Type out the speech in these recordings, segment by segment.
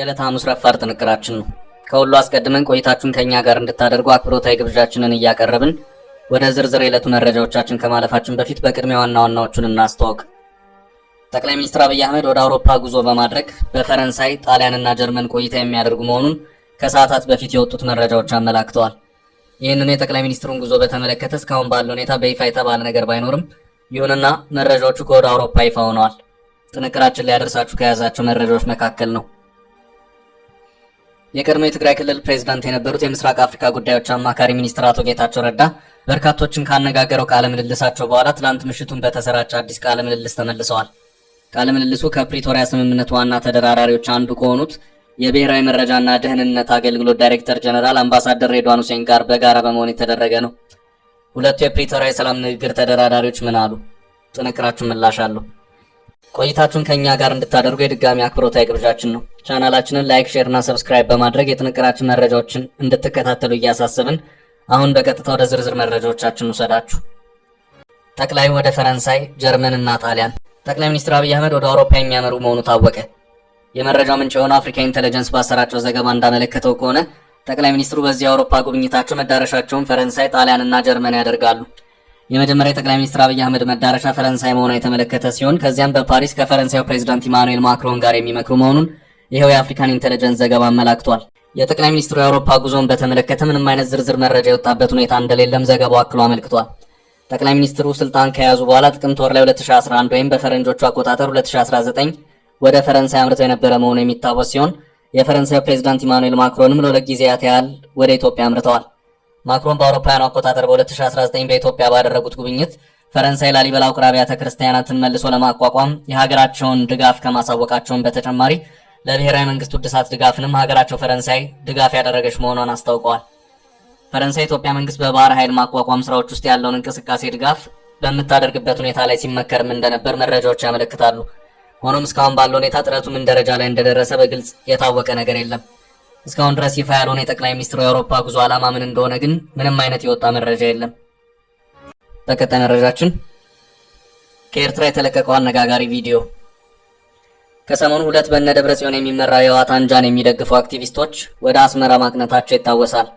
የዕለት ሐሙስ ረፋር ጥንቅራችን ነው። ከሁሉ አስቀድመን ቆይታችሁን ከእኛ ጋር እንድታደርጉ አክብሮታዊ ግብዣችንን እያቀረብን ወደ ዝርዝር የዕለቱ መረጃዎቻችን ከማለፋችን በፊት በቅድሚያ ዋና ዋናዎቹን እናስተዋውቅ። ጠቅላይ ሚኒስትር አብይ አህመድ ወደ አውሮፓ ጉዞ በማድረግ በፈረንሳይ ጣሊያንና ጀርመን ቆይታ የሚያደርጉ መሆኑን ከሰዓታት በፊት የወጡት መረጃዎች አመላክተዋል። ይህንኑ የጠቅላይ ሚኒስትሩን ጉዞ በተመለከተ እስካሁን ባለ ሁኔታ በይፋ የተባለ ነገር ባይኖርም፣ ይሁንና መረጃዎቹ ከወደ አውሮፓ ይፋ ሆነዋል። ጥንቅራችን ሊያደርሳችሁ ከያዛቸው መረጃዎች መካከል ነው። የቀድሞ የትግራይ ክልል ፕሬዝዳንት የነበሩት የምስራቅ አፍሪካ ጉዳዮች አማካሪ ሚኒስትር አቶ ጌታቸው ረዳ በርካቶችን ካነጋገረው ቃለ ምልልሳቸው በኋላ ትላንት ምሽቱን በተሰራጨ አዲስ ቃለ ምልልስ ተመልሰዋል። ቃለ ምልልሱ ከፕሪቶሪያ ስምምነት ዋና ተደራዳሪዎች አንዱ ከሆኑት የብሔራዊ መረጃና ደህንነት አገልግሎት ዳይሬክተር ጀነራል አምባሳደር ሬድዋን ሁሴን ጋር በጋራ በመሆን የተደረገ ነው። ሁለቱ የፕሪቶሪያ የሰላም ንግግር ተደራዳሪዎች ምን አሉ? ጥንቅራችሁን ምላሽ አለሁ። ቆይታችሁን ከእኛ ጋር እንድታደርጉ የድጋሚ አክብሮታዊ ግብዣችን ነው። ቻናላችንን ላይክ፣ ሼር እና ሰብስክራይብ በማድረግ የጥንቅራችን መረጃዎችን እንድትከታተሉ እያሳሰብን አሁን በቀጥታ ወደ ዝርዝር መረጃዎቻችን ውሰዳችሁ። ጠቅላይ ወደ ፈረንሳይ፣ ጀርመን እና ጣሊያን። ጠቅላይ ሚኒስትር አብይ አህመድ ወደ አውሮፓ የሚያመሩ መሆኑ ታወቀ። የመረጃው ምንጭ የሆነው አፍሪካ ኢንቴሊጀንስ ባሰራጨው ዘገባ እንዳመለከተው ከሆነ ጠቅላይ ሚኒስትሩ በዚህ የአውሮፓ ጉብኝታቸው መዳረሻቸውን ፈረንሳይ፣ ጣሊያን እና ጀርመን ያደርጋሉ። የመጀመሪያ የጠቅላይ ሚኒስትር አብይ አህመድ መዳረሻ ፈረንሳይ መሆኗ የተመለከተ ሲሆን ከዚያም በፓሪስ ከፈረንሳዩ ፕሬዚዳንት ኢማኑኤል ማክሮን ጋር የሚመክሩ መሆኑን ይኸው የአፍሪካን ኢንቴሊጀንስ ዘገባ አመላክቷል። የጠቅላይ ሚኒስትሩ የአውሮፓ ጉዞን በተመለከተ ምንም አይነት ዝርዝር መረጃ የወጣበት ሁኔታ እንደሌለም ዘገባው አክሎ አመልክቷል። ጠቅላይ ሚኒስትሩ ስልጣን ከያዙ በኋላ ጥቅምት ወር ላይ 2011 ወይም በፈረንጆቹ አቆጣጠር 2019 ወደ ፈረንሳይ አምርተው የነበረ መሆኑ የሚታወስ ሲሆን የፈረንሳይ ፕሬዚዳንት ኢማኑኤል ማክሮንም ለሁለት ጊዜያት ያህል ወደ ኢትዮጵያ አምርተዋል። ማክሮን በአውሮፓውያኑ አቆጣጠር በ2019 በኢትዮጵያ ባደረጉት ጉብኝት ፈረንሳይ ላሊበላ ውቅር አብያተ ክርስቲያናትን መልሶ ለማቋቋም የሀገራቸውን ድጋፍ ከማሳወቃቸውን በተጨማሪ ለብሔራዊ መንግስት ውድሳት ድጋፍንም ሀገራቸው ፈረንሳይ ድጋፍ ያደረገች መሆኗን አስታውቀዋል። ፈረንሳይ ኢትዮጵያ መንግስት በባህር ኃይል ማቋቋም ስራዎች ውስጥ ያለውን እንቅስቃሴ ድጋፍ በምታደርግበት ሁኔታ ላይ ሲመከርም እንደነበር መረጃዎች ያመለክታሉ። ሆኖም እስካሁን ባለው ሁኔታ ጥረቱ ምን ደረጃ ላይ እንደደረሰ በግልጽ የታወቀ ነገር የለም። እስካሁን ድረስ ይፋ ያልሆነ የጠቅላይ ሚኒስትሩ የአውሮፓ ጉዞ ዓላማ ምን እንደሆነ ግን ምንም አይነት የወጣ መረጃ የለም። በቀጣይ መረጃችን ከኤርትራ የተለቀቀው አነጋጋሪ ቪዲዮ ከሰሞኑ ሁለት በነ ደብረ ጽዮን የሚመራ የህወሓት አንጃን የሚደግፉ አክቲቪስቶች ወደ አስመራ ማቅነታቸው ይታወሳል።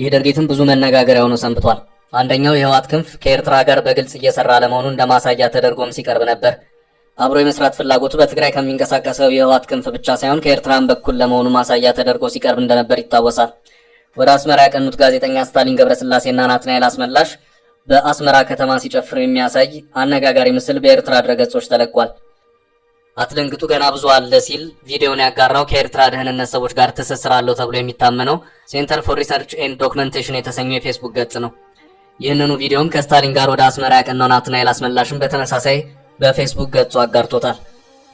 ይህ ድርጊትም ብዙ መነጋገሪያ ሆኖ ሰንብቷል። አንደኛው የህወሓት ክንፍ ከኤርትራ ጋር በግልጽ እየሰራ ለመሆኑ እንደ ማሳያ ተደርጎም ሲቀርብ ነበር። አብሮ የመስራት ፍላጎቱ በትግራይ ከሚንቀሳቀሰው የህወሓት ክንፍ ብቻ ሳይሆን ከኤርትራን በኩል ለመሆኑ ማሳያ ተደርጎ ሲቀርብ እንደነበር ይታወሳል። ወደ አስመራ ያቀኑት ጋዜጠኛ ስታሊን ገብረስላሴና ናትናኤል አስመላሽ በአስመራ ከተማ ሲጨፍር የሚያሳይ አነጋጋሪ ምስል በኤርትራ ድረገጾች ተለቋል። አትደንግጡ ገና ብዙ አለ ሲል ቪዲዮውን ያጋራው ከኤርትራ ደህንነት ሰዎች ጋር ትስስር አለው ተብሎ የሚታመነው ሴንተር ፎር ሪሰርች ኤንድ ዶክመንቴሽን የተሰኘው የፌስቡክ ገጽ ነው። ይህንኑ ቪዲዮም ከስታሊን ጋር ወደ አስመራ ያቀናው ናትናኤል አስመላሽም በተመሳሳይ በፌስቡክ ገጹ አጋርቶታል።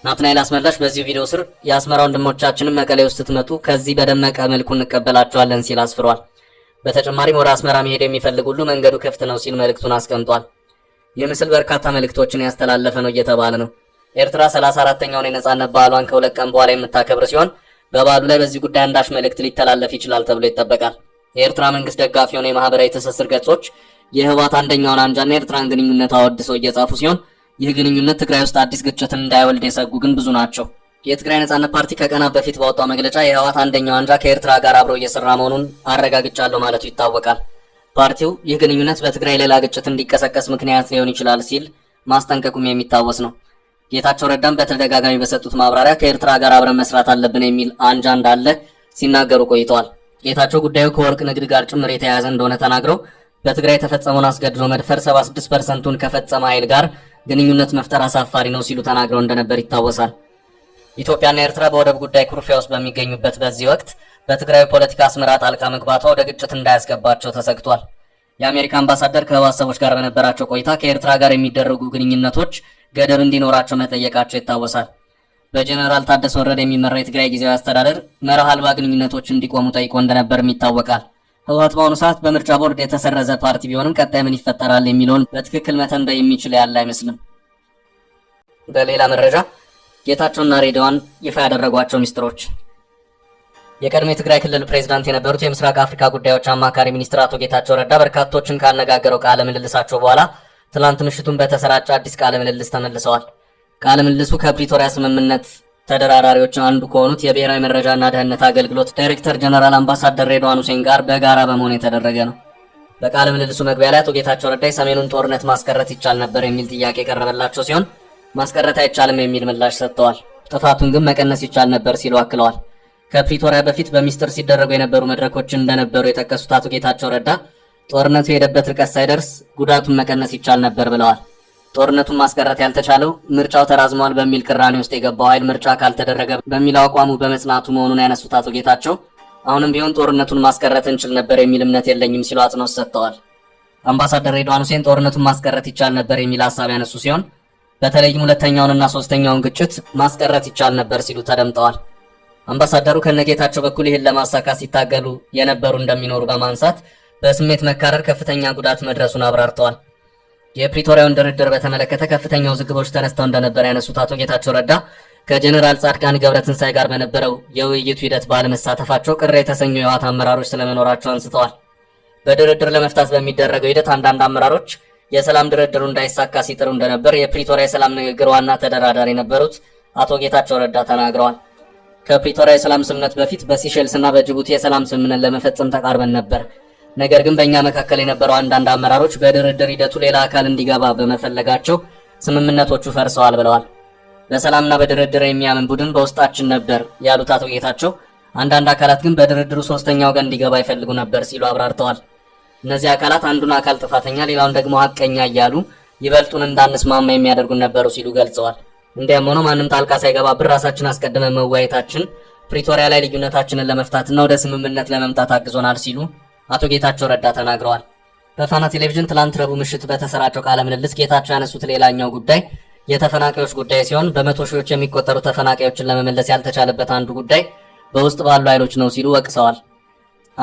ናትናኤል አስመላሽ በዚህ ቪዲዮ ስር የአስመራ ወንድሞቻችንን መቀሌ ውስጥ ስትመጡ ከዚህ በደመቀ መልኩ እንቀበላቸዋለን ሲል አስፍሯል። በተጨማሪም ወደ አስመራ መሄድ የሚፈልግ ሁሉ መንገዱ ክፍት ነው ሲል መልእክቱን አስቀምጧል። ይህ ምስል በርካታ መልእክቶችን ያስተላለፈ ነው እየተባለ ነው። ኤርትራ ሰላሳ ኛውን የነጻነት በዓሏን ከሁለት ቀን በኋላ የምታከብር ሲሆን በበዓሉ ላይ በዚህ ጉዳይ አንዳች መልእክት ሊተላለፍ ይችላል ተብሎ ይጠበቃል። የኤርትራ መንግስት ደጋፊ የሆነ የማህበራዊ ትስስር ገጾች የህወሓት አንደኛውን አንጃና የኤርትራን ግንኙነት አወድሰው እየጻፉ ሲሆን ይህ ግንኙነት ትግራይ ውስጥ አዲስ ግጭትን እንዳይወልድ የሰጉ ግን ብዙ ናቸው። የትግራይ ነጻነት ፓርቲ ከቀናት በፊት ባወጣው መግለጫ የህወሓት አንደኛው አንጃ ከኤርትራ ጋር አብሮ እየሰራ መሆኑን አረጋግጫለሁ ማለቱ ይታወቃል። ፓርቲው ይህ ግንኙነት በትግራይ ሌላ ግጭት እንዲቀሰቀስ ምክንያት ሊሆን ይችላል ሲል ማስጠንቀቁም የሚታወስ ነው። ጌታቸው ረዳም በተደጋጋሚ በሰጡት ማብራሪያ ከኤርትራ ጋር አብረን መስራት አለብን የሚል አንጃ እንዳለ ሲናገሩ ቆይተዋል። ጌታቸው ጉዳዩ ከወርቅ ንግድ ጋር ጭምር የተያያዘ እንደሆነ ተናግረው በትግራይ የተፈጸመውን አስገድዶ መድፈር 76 ፐርሰንቱን ከፈጸመ ኃይል ጋር ግንኙነት መፍጠር አሳፋሪ ነው ሲሉ ተናግረው እንደነበር ይታወሳል። ኢትዮጵያና ኤርትራ በወደብ ጉዳይ ኩርፊያ ውስጥ በሚገኙበት በዚህ ወቅት በትግራይ ፖለቲካ አስመራ ጣልቃ መግባቷ ወደ ግጭት እንዳያስገባቸው ተሰግቷል። የአሜሪካ አምባሳደር ከህዋት ሰዎች ጋር በነበራቸው ቆይታ ከኤርትራ ጋር የሚደረጉ ግንኙነቶች ገደብ እንዲኖራቸው መጠየቃቸው ይታወሳል። በጀነራል ታደሰ ወረደ የሚመራ የትግራይ ጊዜያዊ አስተዳደር መርህ አልባ ግንኙነቶች እንዲቆሙ ጠይቆ እንደነበርም ይታወቃል። ህወሓት በአሁኑ ሰዓት በምርጫ ቦርድ የተሰረዘ ፓርቲ ቢሆንም ቀጣይ ምን ይፈጠራል የሚለውን በትክክል መተንበይ የሚችል ያለ አይመስልም። በሌላ መረጃ ጌታቸውና ሬዲዋን ይፋ ያደረጓቸው ሚስጥሮች የቀድሞ የትግራይ ክልል ፕሬዝዳንት የነበሩት የምስራቅ አፍሪካ ጉዳዮች አማካሪ ሚኒስትር አቶ ጌታቸው ረዳ በርካቶችን ካነጋገረው ቃለ ምልልሳቸው በኋላ ትላንት ምሽቱን በተሰራጨ አዲስ ቃለ ምልልስ ተመልሰዋል። ቃለ ምልልሱ ከፕሪቶሪያ ስምምነት ተደራዳሪዎች አንዱ ከሆኑት የብሔራዊ መረጃና ደህንነት አገልግሎት ዳይሬክተር ጀነራል አምባሳደር ሬድዋን ሁሴን ጋር በጋራ በመሆን የተደረገ ነው። በቃለ ምልልሱ መግቢያ ላይ አቶ ጌታቸው ረዳ የሰሜኑን ጦርነት ማስቀረት ይቻል ነበር የሚል ጥያቄ የቀረበላቸው ሲሆን ማስቀረት አይቻልም የሚል ምላሽ ሰጥተዋል። ጥፋቱን ግን መቀነስ ይቻል ነበር ሲሉ አክለዋል። ከፕሪቶሪያ በፊት በሚስጥር ሲደረጉ የነበሩ መድረኮችን እንደነበሩ የጠቀሱት አቶ ጌታቸው ረዳ ጦርነቱ የሄደበት ርቀት ሳይደርስ ጉዳቱን መቀነስ ይቻል ነበር ብለዋል። ጦርነቱን ማስቀረት ያልተቻለው ምርጫው ተራዝሟል በሚል ቅራኔ ውስጥ የገባው ኃይል ምርጫ ካልተደረገ በሚል አቋሙ በመጽናቱ መሆኑን ያነሱት አቶ ጌታቸው አሁንም ቢሆን ጦርነቱን ማስቀረት እንችል ነበር የሚል እምነት የለኝም ሲሉ አጽንኦት ሰጥተዋል። አምባሳደር ሬድዋን ሁሴን ጦርነቱን ማስቀረት ይቻል ነበር የሚል ሀሳብ ያነሱ ሲሆን በተለይም ሁለተኛውንና ሶስተኛውን ግጭት ማስቀረት ይቻል ነበር ሲሉ ተደምጠዋል። አምባሳደሩ ከነጌታቸው በኩል ይህን ለማሳካት ሲታገሉ የነበሩ እንደሚኖሩ በማንሳት በስሜት መካረር ከፍተኛ ጉዳት መድረሱን አብራርተዋል። የፕሪቶሪያውን ድርድር በተመለከተ ከፍተኛ ውዝግቦች ተነስተው እንደነበረ ያነሱት አቶ ጌታቸው ረዳ ከጀኔራል ጻድቃን ገብረትንሳይ ጋር በነበረው የውይይቱ ሂደት ባለመሳተፋቸው ቅር የተሰኙ የህወሓት አመራሮች ስለመኖራቸው አንስተዋል። በድርድር ለመፍታት በሚደረገው ሂደት አንዳንድ አመራሮች የሰላም ድርድሩ እንዳይሳካ ሲጥሩ እንደነበር የፕሪቶሪያ የሰላም ንግግር ዋና ተደራዳሪ የነበሩት አቶ ጌታቸው ረዳ ተናግረዋል። ከፕሪቶሪያ የሰላም ስምምነት በፊት በሲሼልስና በጅቡቲ የሰላም ስምምነት ለመፈጸም ተቃርበን ነበር ነገር ግን በእኛ መካከል የነበረው አንዳንድ አመራሮች በድርድር ሂደቱ ሌላ አካል እንዲገባ በመፈለጋቸው ስምምነቶቹ ፈርሰዋል ብለዋል። በሰላምና በድርድር የሚያምን ቡድን በውስጣችን ነበር ያሉት አቶ ጌታቸው አንዳንድ አካላት ግን በድርድሩ ሶስተኛ ወገን እንዲገባ ይፈልጉ ነበር ሲሉ አብራርተዋል። እነዚህ አካላት አንዱን አካል ጥፋተኛ፣ ሌላውን ደግሞ ሀቀኛ እያሉ ይበልጡን እንዳንስማማ የሚያደርጉን ነበሩ ሲሉ ገልጸዋል። እንዲያም ሆኖ ማንም ጣልቃ ሳይገባብን ራሳችን አስቀድመን መወያየታችን ፕሪቶሪያ ላይ ልዩነታችንን ለመፍታትና ወደ ስምምነት ለመምጣት አግዞናል ሲሉ አቶ ጌታቸው ረዳ ተናግረዋል። በፋና ቴሌቪዥን ትላንት ረቡዕ ምሽት በተሰራጨው ቃለ ምልልስ ጌታቸው ያነሱት ሌላኛው ጉዳይ የተፈናቃዮች ጉዳይ ሲሆን በመቶ ሺዎች የሚቆጠሩ ተፈናቃዮችን ለመመለስ ያልተቻለበት አንዱ ጉዳይ በውስጥ ባሉ ኃይሎች ነው ሲሉ ወቅሰዋል።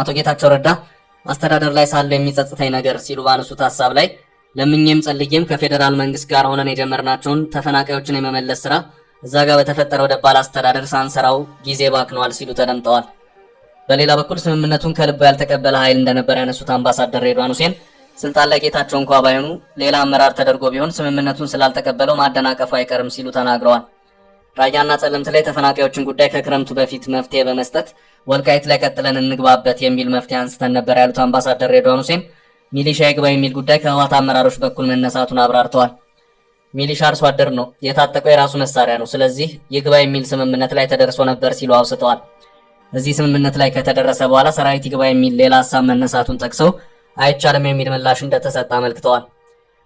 አቶ ጌታቸው ረዳ አስተዳደር ላይ ሳለው የሚጸጽተኝ ነገር ሲሉ ባነሱት ሀሳብ ላይ ለምኜም ጸልዬም ከፌዴራል መንግስት ጋር ሆነን የጀመርናቸውን ተፈናቃዮችን የመመለስ ስራ እዛ ጋር በተፈጠረው ደባል አስተዳደር ሳንሰራው ጊዜ ባክነዋል ሲሉ ተደምጠዋል። በሌላ በኩል ስምምነቱን ከልብ ያልተቀበለ ኃይል እንደነበር ያነሱት አምባሳደር ሬድዋን ሁሴን ስልጣን ላይ ጌታቸው እንኳ ባይሆኑ ሌላ አመራር ተደርጎ ቢሆን ስምምነቱን ስላልተቀበለው ማደናቀፉ አይቀርም ሲሉ ተናግረዋል። ራያና ጸለምት ላይ ተፈናቃዮችን ጉዳይ ከክረምቱ በፊት መፍትሄ በመስጠት ወልቃይት ላይ ቀጥለን እንግባበት የሚል መፍትሄ አንስተን ነበር ያሉት አምባሳደር ሬድዋን ሁሴን ሚሊሻ ይግባ የሚል ጉዳይ ከህወሓት አመራሮች በኩል መነሳቱን አብራርተዋል። ሚሊሻ አርሶ አደር ነው፣ የታጠቀው የራሱ መሳሪያ ነው። ስለዚህ ይግባ የሚል ስምምነት ላይ ተደርሶ ነበር ሲሉ አውስተዋል። እዚህ ስምምነት ላይ ከተደረሰ በኋላ ሰራዊት ይግባ የሚል ሌላ ሀሳብ መነሳቱን ጠቅሰው አይቻልም የሚል ምላሽ እንደተሰጠ አመልክተዋል።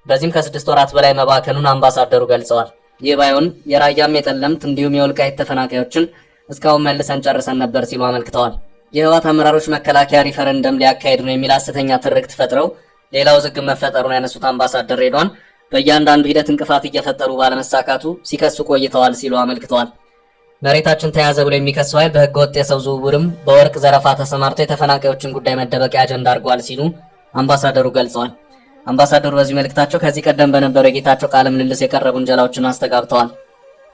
በዚህም ከስድስት ወራት በላይ መባከኑን አምባሳደሩ ገልጸዋል። ይህ ባይሆን የራያም የጠለምት እንዲሁም የወልቃይት ተፈናቃዮችን እስካሁን መልሰን ጨርሰን ነበር ሲሉ አመልክተዋል። የህወሓት አመራሮች መከላከያ ሪፈረንደም ሊያካሄድ ነው የሚል ሐሰተኛ ትርክት ፈጥረው ሌላ ውዝግብ መፈጠሩን ያነሱት አምባሳደር ሬድዋን በእያንዳንዱ ሂደት እንቅፋት እየፈጠሩ ባለመሳካቱ ሲከሱ ቆይተዋል ሲሉ አመልክተዋል። መሬታችን ተያዘ ብሎ የሚከሰው ኃይል በህገ ወጥ የሰው ዝውውርም በወርቅ ዘረፋ ተሰማርቶ የተፈናቃዮችን ጉዳይ መደበቂያ አጀንዳ አድርጓል ሲሉ አምባሳደሩ ገልጸዋል። አምባሳደሩ በዚህ መልእክታቸው ከዚህ ቀደም በነበረው የጌታቸው ቃለ ምልልስ የቀረቡ ውንጀላዎችን አስተጋብተዋል።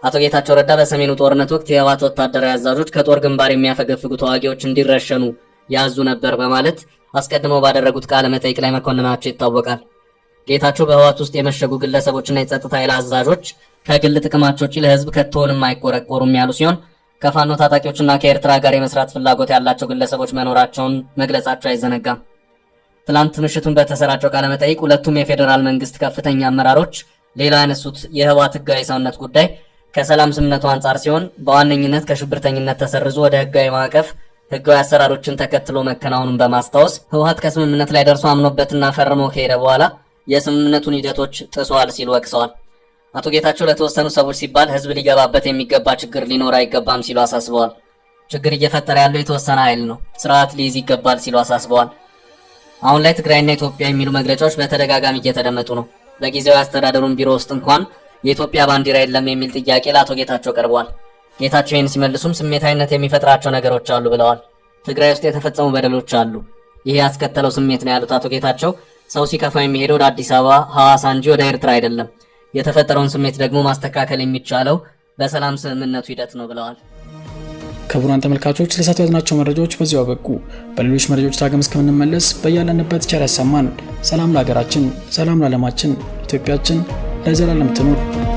አቶ ጌታቸው ረዳ በሰሜኑ ጦርነት ወቅት የህወሓት ወታደራዊ አዛዦች ከጦር ግንባር የሚያፈገፍጉ ተዋጊዎች እንዲረሸኑ ያዙ ነበር በማለት አስቀድመው ባደረጉት ቃለ መጠይቅ ላይ መኮንናቸው ይታወቃል። ጌታቸው በህወሓት ውስጥ የመሸጉ ግለሰቦችና የጸጥታ ኃይል አዛዦች ከግል ጥቅማቸው ውጪ ለህዝብ ከቶውንም አይቆረቆሩም ያሉ ሲሆን ከፋኖ ታጣቂዎችና ከኤርትራ ጋር የመስራት ፍላጎት ያላቸው ግለሰቦች መኖራቸውን መግለጻቸው አይዘነጋም። ትላንት ምሽቱን በተሰራጨው ቃለመጠይቅ ሁለቱም የፌዴራል መንግስት ከፍተኛ አመራሮች ሌላ ያነሱት የህወሓት ህጋዊ ሰውነት ጉዳይ ከሰላም ስምነቱ አንጻር ሲሆን በዋነኝነት ከሽብርተኝነት ተሰርዞ ወደ ህጋዊ ማዕቀፍ ህጋዊ አሰራሮችን ተከትሎ መከናወኑን በማስታወስ ህወሓት ከስምምነት ላይ ደርሶ አምኖበትና ፈርሞ ከሄደ በኋላ የስምምነቱን ሂደቶች ጥሷል ሲል ወቅሰዋል። አቶ ጌታቸው ለተወሰኑ ሰዎች ሲባል ህዝብ ሊገባበት የሚገባ ችግር ሊኖር አይገባም ሲሉ አሳስበዋል። ችግር እየፈጠረ ያለው የተወሰነ ኃይል ነው፣ ስርዓት ሊይዝ ይገባል ሲሉ አሳስበዋል። አሁን ላይ ትግራይና ኢትዮጵያ የሚሉ መግለጫዎች በተደጋጋሚ እየተደመጡ ነው። በጊዜያዊ አስተዳደሩን ቢሮ ውስጥ እንኳን የኢትዮጵያ ባንዲራ የለም የሚል ጥያቄ ለአቶ ጌታቸው ቀርቧል። ጌታቸው ይህን ሲመልሱም ስሜታዊነት የሚፈጥራቸው ነገሮች አሉ ብለዋል። ትግራይ ውስጥ የተፈጸሙ በደሎች አሉ፣ ይህ ያስከተለው ስሜት ነው ያሉት አቶ ጌታቸው ሰው ሲከፋ የሚሄደው ወደ አዲስ አበባ ሐዋሳ እንጂ ወደ ኤርትራ አይደለም። የተፈጠረውን ስሜት ደግሞ ማስተካከል የሚቻለው በሰላም ስምምነቱ ሂደት ነው ብለዋል። ክቡራን ተመልካቾች ለሳቱ ያዝናቸው መረጃዎች በዚሁ አበቁ። በሌሎች መረጃዎች ዳግም እስከምንመለስ በያለንበት ቸር ያሰማን። ሰላም ለሀገራችን፣ ሰላም ለዓለማችን። ኢትዮጵያችን ለዘላለም ትኑር።